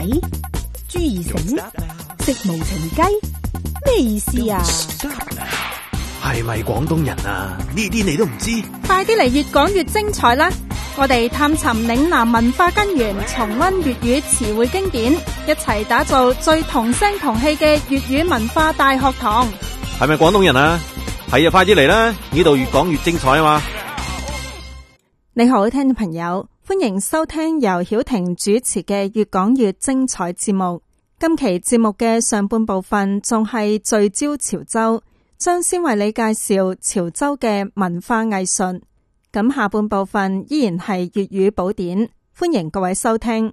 仔朱二嬸食無情雞咩意思啊？係咪廣東人啊？呢啲你都唔知？快啲嚟，越講越精彩啦！我哋探尋嶺南文化根源，重溫粵語詞彙經典，一齊打造最同聲同氣嘅粵語文化大學堂。係咪廣東人啊？係啊，快啲嚟啦！呢度越講越精彩啊嘛！你好好聽嘅朋友。歡迎收聽由曉婷主持嘅越講越精彩節目。今期節目嘅上半部分仲係聚焦潮州，將先為你介紹潮州嘅文化藝術。咁下半部分依然係粵語寶典，歡迎各位收聽。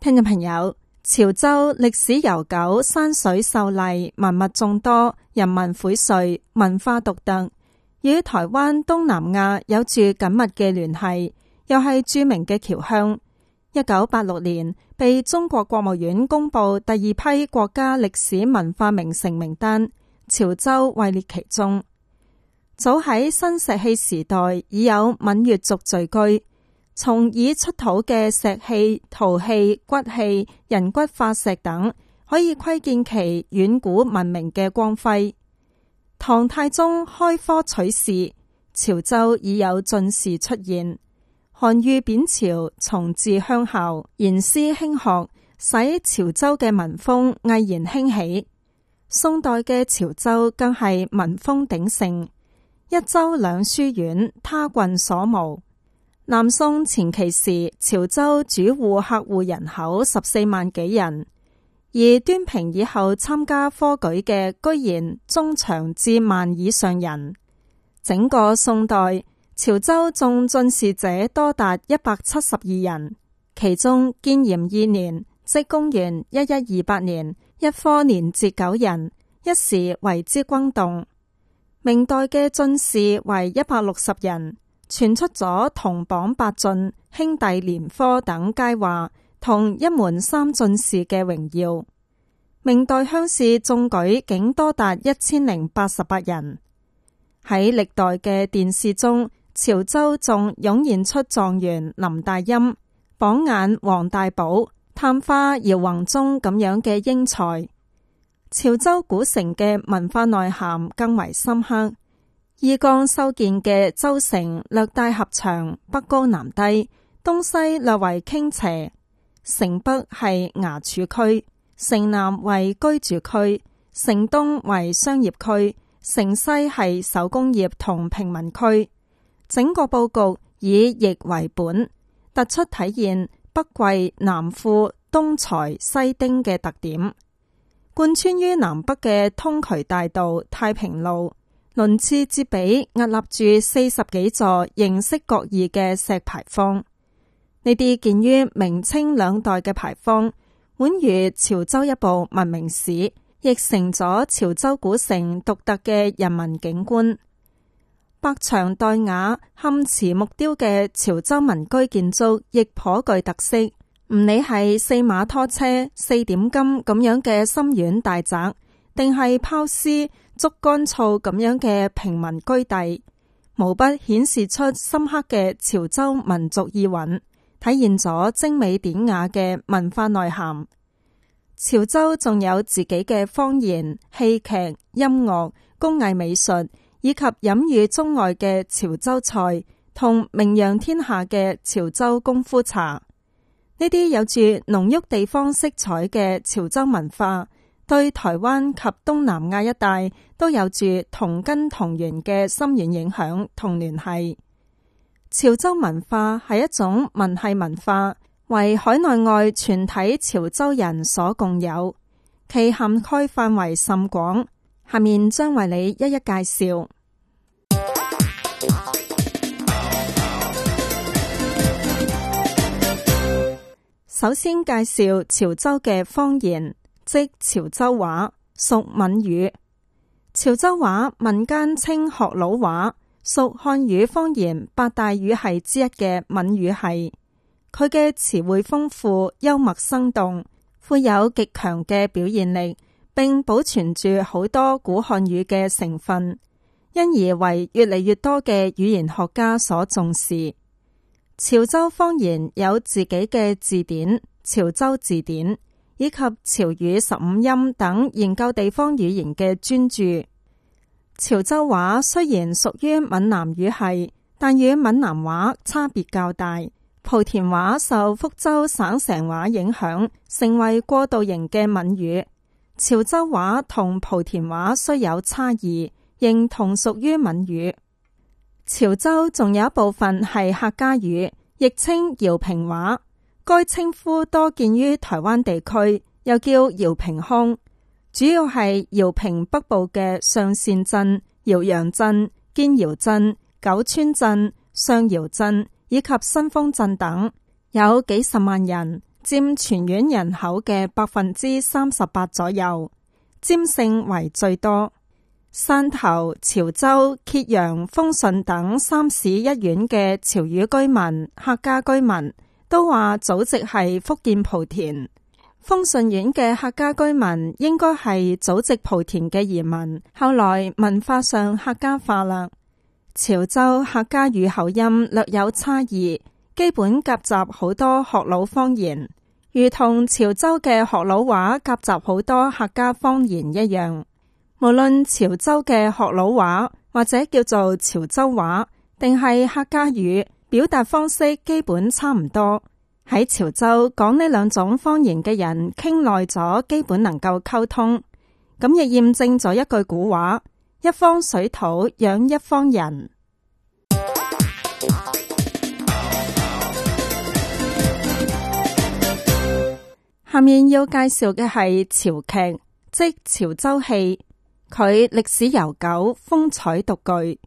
聽眾朋友，潮州歷史悠久，山水秀麗，文物眾多，人文薈萃，文化獨特，與台灣東南亞有住緊密嘅聯繫，又係著名嘅僑鄉。一九八六年被中國國務院公布第二批國家歷史文化名城名單，潮州位列其中。早喺新石器時代已有閩越族聚居。從已出土嘅石器、陶器、骨器、人骨化石等，可以窺見其遠古文明嘅光輝。唐太宗開科取士，潮州已有進士出現。韓愈貶潮從治鄉校，言師興學，使潮州嘅文風毅然興起。宋代嘅潮州更係文風鼎盛，一州兩書院，他郡所無。南宋前期時，潮州主戶客戶人口十四萬幾人，而端平以後參加科舉嘅居然中長至萬以上人。整個宋代，潮州中進士者多達一百七十二人，其中建炎二年，即公元一一二八年，一科連捷九人，一時為之轟動。明代嘅進士為一百六十人。傳出咗同榜八進兄弟聯科等佳話，同一門三進士嘅榮耀。明代鄉試中舉竟多達一千零八十八人。喺歷代嘅殿試中，潮州仲湧現出狀元林大欽、榜眼王大寶、探花姚宏中咁樣嘅英才。潮州古城嘅文化內涵更為深刻。義江修建嘅州城略帶狹長，北高南低，東西略為傾斜。城北係衙署區，城南為居住區，城東為商業區，城西係手工業同平民區。整個布局以邑為本，突出體現北貴南富、東財西丁嘅特點。貫穿於南北嘅通衢大道太平路。鱗次櫛比，屹立住四十幾座形式各異嘅石牌坊。呢啲建於明清兩代嘅牌坊，宛如潮州一部文明史，亦成咗潮州古城獨特嘅人文景觀。百牆黛瓦、嵌瓷木雕嘅潮州民居建築亦頗具特色。唔理係四馬拖車、四點金咁樣嘅深院大宅，定係拋絲，竹竿厝咁樣嘅平民居地，無不顯示出深刻嘅潮州民族意蘊，體現咗精美典雅嘅文化內涵。潮州仲有自己嘅方言、戲劇、音樂、工藝美術，以及飲譽中外嘅潮州菜同名揚天下嘅潮州功夫茶。呢啲有住濃郁地方色彩嘅潮州文化，對台灣及東南亞一帶都有住同根同源嘅深遠影響同聯繫。潮州文化係一種民系文化，為海內外全體潮州人所共有，其涵蓋範圍甚廣。下面將為你一一介紹。首先介紹潮州嘅方言。即潮州話屬閩語，潮州話民間稱學老話，屬漢語方言八大語系之一嘅閩語系。佢嘅詞彙豐富、幽默生動，富有極強嘅表現力，並保存住好多古漢語嘅成分，因而為越嚟越多嘅語言學家所重視。潮州方言有自己嘅字典《潮州字典》。以及潮語十五音等研究地方語言嘅專著。潮州話雖然屬於閩南語系，但與閩南話差別較大。莆田話受福州省城話影響，成為過渡型嘅閩語。潮州話同莆田話雖有差異，仍同屬於閩語。潮州仲有一部分係客家語，亦稱饒平話。該稱呼多見於台灣地區，又叫饒平腔，主要係饒平北部嘅上善鎮、饒洋鎮、建饒鎮、九村鎮、上饒鎮以及新豐鎮等，有幾十萬人，佔全縣人口嘅百分之三十八左右，佔姓為最多。汕頭、潮州、揭陽、豐順等三市一縣嘅潮語居民、客家居民。都話祖籍係福建莆田豐順縣嘅客家居民，應該係祖籍莆田嘅移民，後來文化上客家化啦。潮州客家語口音略有差異，基本夾雜好多學佬方言，如同潮州嘅學佬話夾雜好多客家方言一樣。無論潮州嘅學佬話，或者叫做潮州話，定係客家語。表達方式基本差唔多，喺潮州講呢兩種方言嘅人傾耐咗，基本能夠溝通，咁亦驗證咗一句古話：一方水土養一方人。 下面要介紹嘅係潮劇，即潮州戲，佢歷史悠久，風采獨具。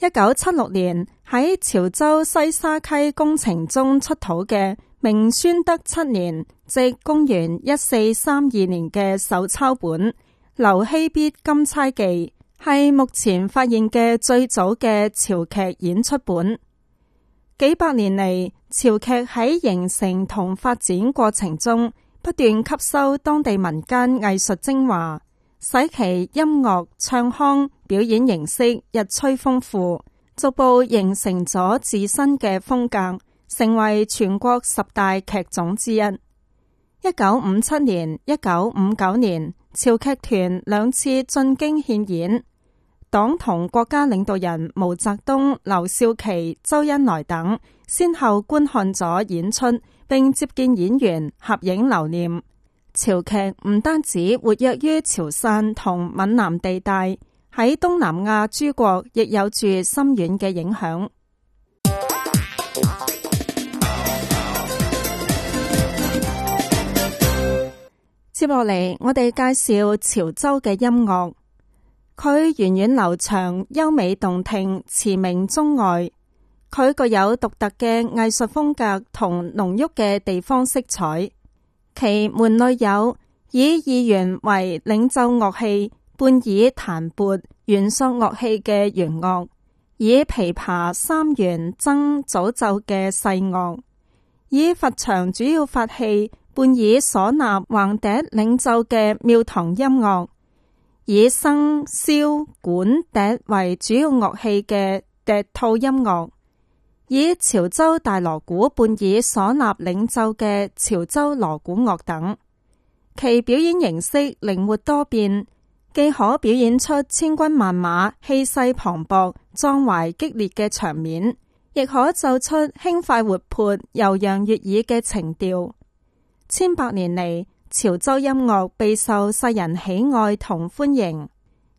一九七六年喺潮州西沙溪工程中出土嘅明宣德七年即公元一四三二年嘅手抄本《劉希必金釵記》，係目前發現嘅最早嘅潮劇演出本。幾百年嚟，潮劇喺形成同發展過程中，不斷吸收當地民間藝術精華，使其音樂唱腔，表演形式日趨豐富，逐步形成咗自身嘅風格，成為全國十大劇種之一。一九五七年、一九五九年，潮劇團兩次進京獻演，黨同國家領導人毛澤東、劉少奇、周恩來等先後觀看咗演出，並接見演員合影留念。潮劇唔單止活躍於潮汕同閩南地帶。喺東南亞諸國亦有住深遠嘅影響。接落嚟，我哋介紹潮州嘅音樂。佢源遠流長、優美動聽、馳名中外。佢具有獨特嘅藝術風格同濃郁嘅地方色彩。其門類有以二弦為領奏樂器，伴以彈撥弦索樂器嘅弦樂，以琵琶、三弦、箏早奏嘅細樂，以佛場主要法器伴以嗩吶、橫笛領奏嘅廟堂音樂，以笙、簫、管笛為主要樂器嘅笛套音樂，以潮州大鑼鼓伴以嗩吶領奏嘅潮州鑼鼓樂等，其表演形式靈活多變。既可表演出千軍萬馬、氣勢磅礴、壯懷激烈嘅場面，亦可奏出輕快活潑、悠揚悅耳嘅情調。千百年嚟，潮州音樂備受世人喜愛同歡迎。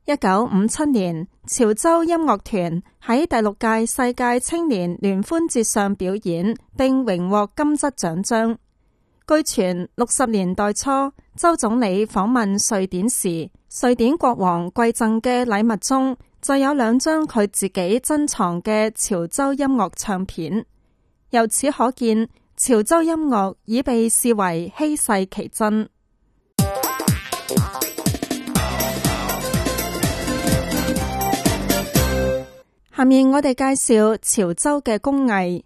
一九五七年，潮州音樂團喺第六屆世界青年聯歡節上表演，並榮獲金質獎章。據傳六十年代初，周總理訪問瑞典時，瑞典國王饋贈嘅禮物中就有兩張佢自己珍藏嘅潮州音樂唱片。由此可見，潮州音樂已被視為稀世奇珍。下面我哋介紹潮州嘅工藝。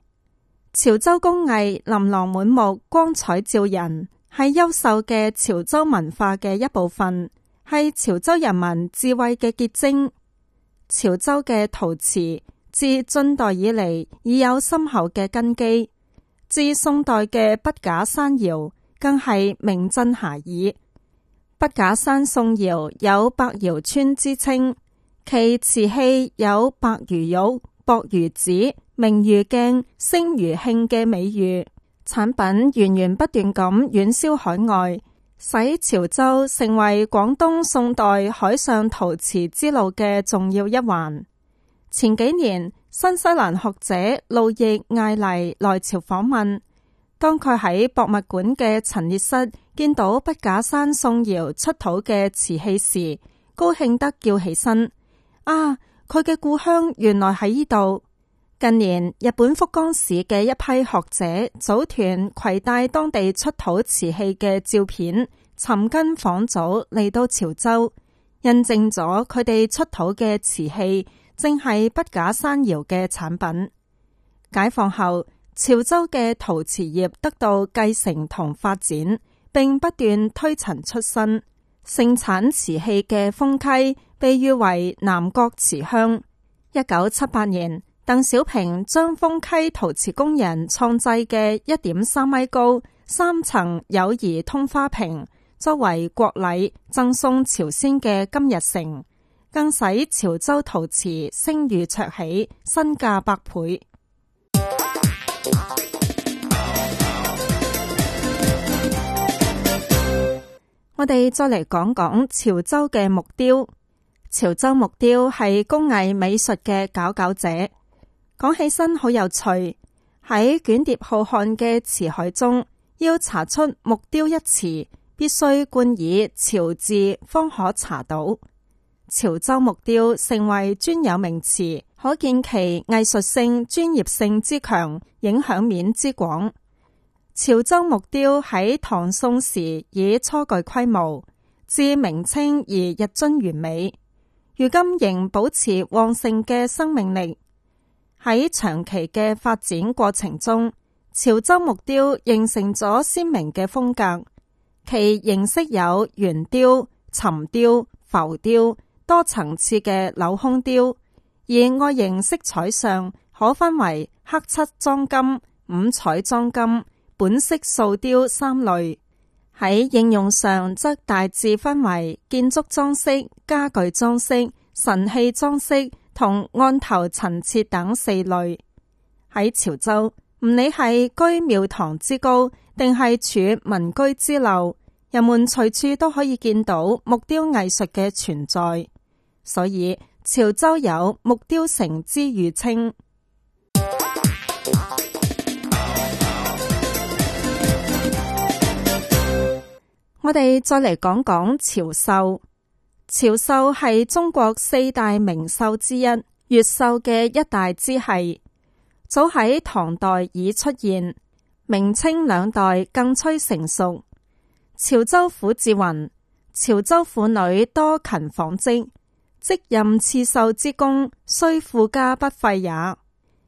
潮州工藝琳琅滿目、光彩照人，係優秀嘅潮州文化嘅一部分，係潮州人民智慧嘅結晶。潮州嘅陶瓷自晉代以嚟已有深厚嘅根基，自宋代嘅筆架山窯更係名震遐邇。筆架山宋窯有百窯村之稱，其瓷器有白如玉，薄如紙，明如鏡，聲如磬嘅美譽，產品源源不斷咁遠銷海外，使潮州成為廣東宋代海上陶瓷之路嘅重要一環。前幾年，新西蘭學者路易·艾黎來潮訪問，當佢喺博物館嘅陳列室見到筆架山宋窯出土嘅瓷器時，高興得叫起身：啊！佢嘅故鄉原來喺呢度。近年，日本福岡市嘅一批學者組團攜帶當地出土瓷器嘅照片，尋根訪祖嚟到潮州，印證咗佢哋出土嘅瓷器正係筆架山窯嘅產品。解放後，潮州嘅陶瓷業得到繼承同發展，並不斷推陳出新，盛產瓷器嘅楓溪。被譽為南國瓷鄉。一九七八年，鄧小平將楓溪陶瓷工人創製嘅一點三米高三層友誼通花瓶作為國禮贈送朝鮮嘅金日成，更使潮州陶瓷聲譽鵲起，身價百倍。我哋再嚟講講潮州嘅木雕。潮州木雕係工藝美術嘅佼佼者，講起身好有趣。喺卷疊浩瀚嘅詞海中，要查出木雕一詞，必須冠以潮字，方可查到。潮州木雕成為專有名詞，可見其藝術性、專業性之強，影響面之廣。潮州木雕喺唐宋時已初具規模，至明清而日臻完美。如今仍保持旺盛嘅生命力。喺長期嘅發展過程中，潮州木雕形成咗鮮明嘅風格，其形式有圓雕、沉雕、浮雕多層次嘅鏤空雕，而外形色彩上可分為黑漆裝金、五彩裝金、本色素雕三類。喺應用上，則大致分為建築裝飾、家具裝飾、神器裝飾同案頭陳設等四類。喺潮州，唔理係居廟堂之高，定係處民居之陋，人們隨處都可以見到木雕藝術嘅存在，所以潮州有木雕城之譽稱。我哋再嚟講講潮繡。潮繡係中國四大名繡之一，粵繡嘅一大支系，早喺唐代已出現，明清兩代更趨成熟。潮州府志云：潮州婦女多勤紡織，職任刺繡之工，雖富家不廢也。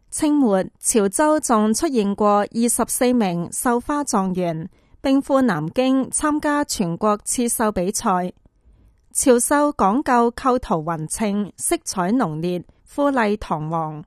清末，潮州仲出現過二十四名繡花狀元。並赴南京參加全國刺繡比賽。潮繡講究構圖匀稱、色彩濃烈、富麗堂皇。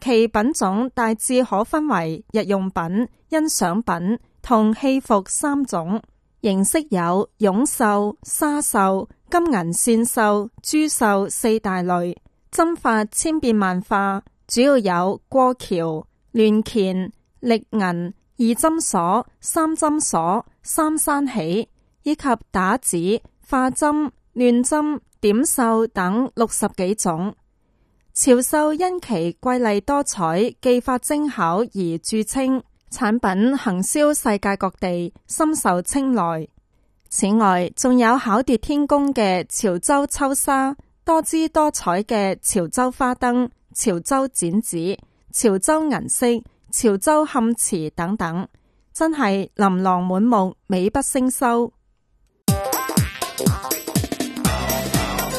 其品種大致可分為日用品、欣賞品同戲服三種。形式有絨繡、紗繡、金銀線繡、珠繡四大類。針法千變萬化，主要有過橋、亂鉗、力銀。二針鎖、三針鎖、三山起，以及打紙、化針、亂針、點繡等六十幾種潮繡，因其瑰麗多彩、技法精巧而著稱，產品行銷世界各地，深受青睞。此外，仲有巧奪天工嘅潮州抽紗、多姿多彩嘅潮州花燈、潮州剪紙、潮州銀飾。潮州漢池等等，真係琳琅滿目，美不勝收。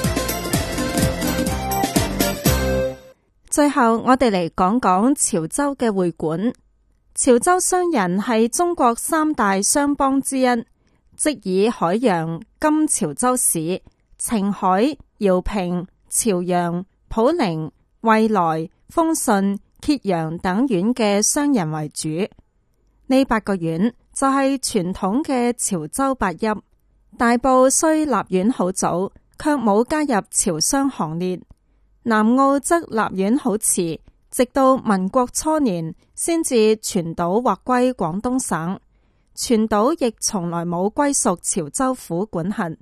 最後，我哋嚟講講潮州嘅會館。潮州商人係中國三大商幫之一，即以海洋、金潮州市、澄海、饒平、潮陽、普寧、惠來、豐順。揭陽等縣嘅商人為主，呢八個縣就係、是、傳統嘅潮州八邑，大埔雖立縣好早，卻冇加入潮商行列。南澳則立縣好遲，直到民國初年先至全島劃歸廣東省，全島亦從來冇歸屬潮州府管轄，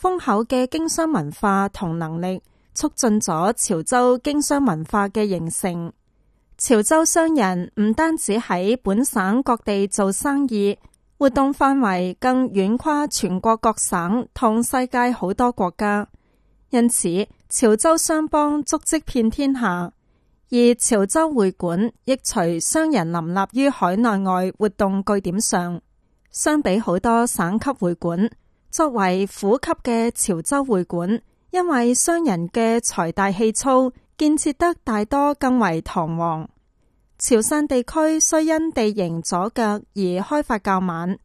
豐厚嘅經商文化同能力。促進咗潮州經商文化嘅形成。潮州商人唔單止喺本省各地做生意，活動範圍更遠跨全國各省同世界好多國家。因此，潮州商幫足跡遍天下，而潮州會館亦隨商人林立於海內外活動據點上。相比好多省級會館，作為府級嘅潮州會館，因為商人嘅財大氣粗，建設得大多更為堂皇。潮汕地區雖因地形阻隔而開發較晚，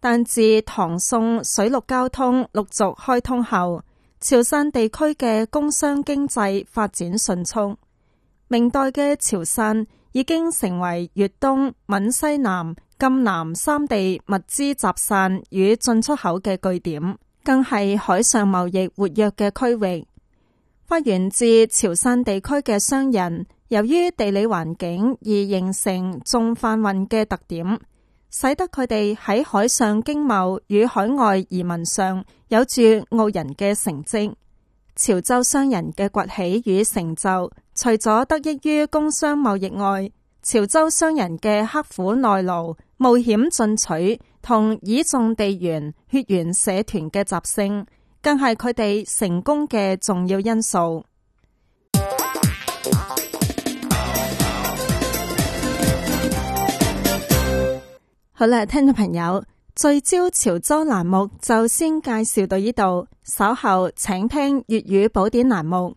但自唐宋水陸交通陸續開通後，潮汕地區嘅工商經濟發展迅速。明代嘅潮汕已經成為粵東、閩西南、贛南三地物資集散與進出口嘅據點。更係海上貿易活躍嘅區域，發源自潮汕地區嘅商人，由於地理環境而形成重販運嘅特點，使得佢哋喺海上經貿與海外移民上有住傲人嘅成績。潮州商人嘅崛起與成就，除咗得益於工商貿易外，潮州商人嘅刻苦耐勞、冒險進取。同倚重地緣、血緣社團嘅集聲，更係佢哋成功嘅重要因素。 好啦，聽眾朋友，聚焦潮州欄目就先介紹到呢度，稍後請聽粵語寶典欄目。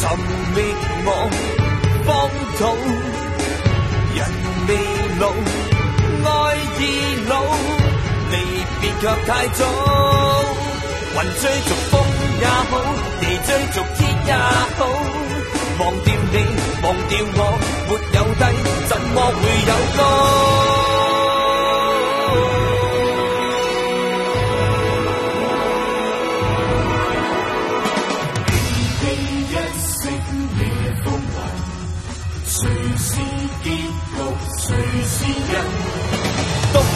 尋覓我荒土，人未老，愛已老，離別卻太早。雲追逐風也好，地追逐天也好，忘掉你，忘掉我，沒有底，怎麼會有歌？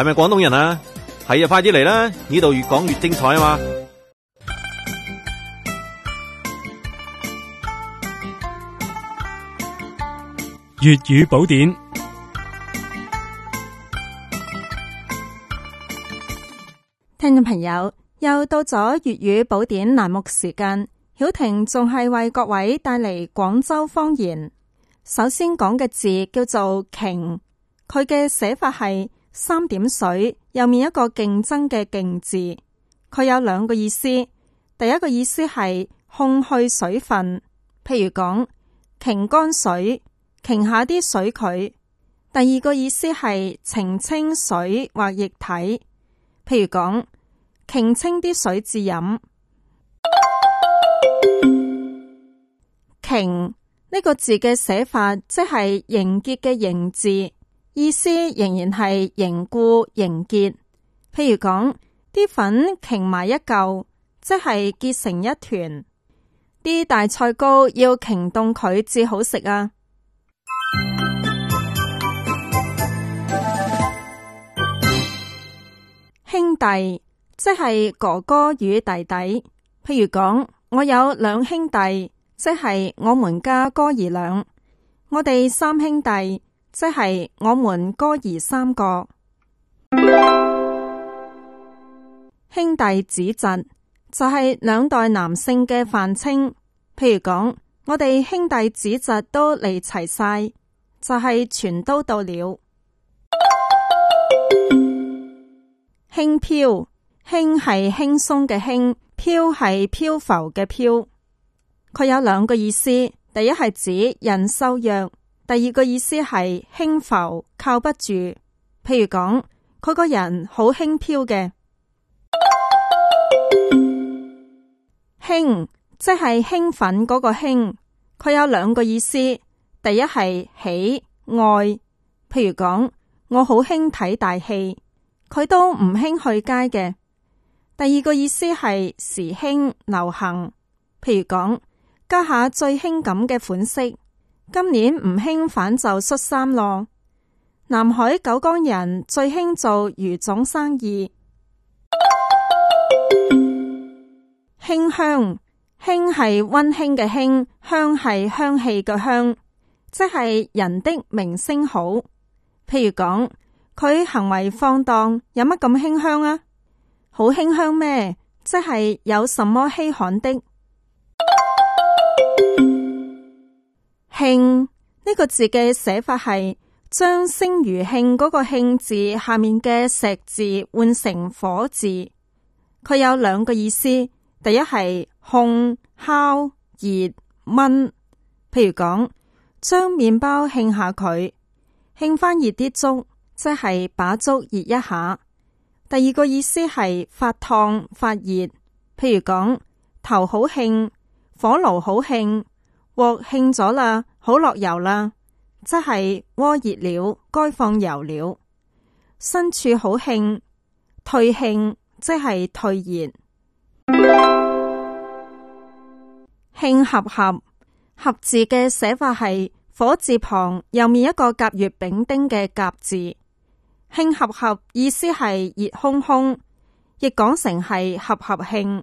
係咪廣東人啊？係啊，快啲嚟啦！呢度越講越精彩啊嘛！粵語寶典，聽眾朋友又到咗粵語寶典欄目時間。曉婷仲係為各位帶嚟廣州方言。首先講嘅字叫做“瓊”，佢嘅寫法係，三點水，右面一個競爭嘅競字，佢有兩個意思。第一個意思係控去水分，譬如講擎乾水，擎下啲水佢。第二個意思係澄清水或液體，譬如講擎清啲水自飲。擎呢、這個字嘅寫法，即係凝結嘅凝字。意思仍然係凝固凝結，譬如講啲粉凝埋一嚿，即係結成一團。啲大菜糕要凝凍佢至好食啊！ 兄弟即係哥哥與弟弟，譬如講我有兩兄弟，即係我們家哥兒倆，我哋三兄弟。即係我們哥兒三個 兄弟子侄，就係兩代男性嘅泛稱。譬如講，我哋兄弟子侄都嚟齊晒，就係全都到了。輕飄，輕係輕鬆嘅輕，飄係漂浮嘅飄。佢有兩個意思，第一係指人收藥。第二個意思係輕浮，靠不住。譬如講，佢個人好輕飄嘅。興即係興奮嗰個興，佢有兩個意思。第一係喜愛，譬如講，我好興睇大戲，佢都唔興去街嘅。第二個意思係時興流行，譬如講，家下最興咁嘅款式。今年唔興返就恤衫咯，南海九江人最興做魚種生意。興 香，興係溫馨嘅興，香係香氣嘅香，即係人的名聲好。譬如講，佢行為放蕩，有乜咁興香啊？好興香咩？即係有什麼稀罕的？慶呢、呢個字嘅寫法係將聲如慶嗰個慶字下面嘅石字換成火字，佢有兩個意思。第一係烘、烤，烤、熱，熱，熱，熱、炆，譬如講將麵包慶下佢，慶翻熱啲粥，即係把粥熱一下。第二個意思係發燙、發熱，譬如講頭好慶，火爐好慶，鑊慶咗啦。好落油啦，即係鍋熱了，該放油了。身處好慶，退慶，即係退炎。慶合合，合字嘅寫法係火字旁，右面一個甲乙丙丁嘅甲字。慶合合意思係熱烘烘，亦講成係合合慶。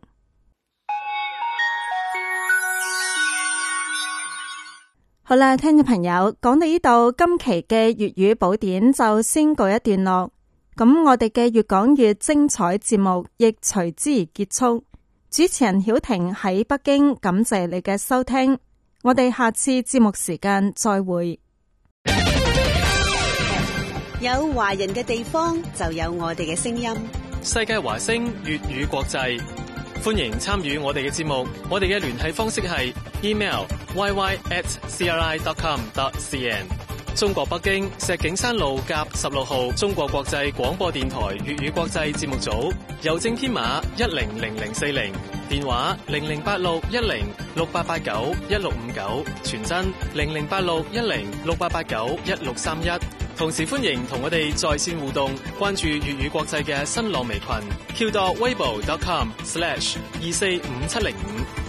好啦，聽眾朋友，講到呢度，今期嘅粵語寶典就先告一段落。咁我哋嘅越講越精彩節目，亦隨之而結束。主持人曉婷喺北京，感謝你嘅收聽。我哋下次節目時間再會。有華人嘅地方，就有我哋嘅聲音。世界華聲，粵語國際。歡迎參與我哋嘅節目。我哋嘅聯繫方式係 email yy at cri dot com dot cn。中國北京石景山路甲十六號中國國際廣播電台粵語國際節目組。郵政編碼一零零零四零。電話零零八六一零六八八九一六五九。傳真零零八六一零六八八九一六三一。同時歡迎同我哋在線互動，關注粵語國際嘅新浪微群。q.weibo.com/ 二四五七零五。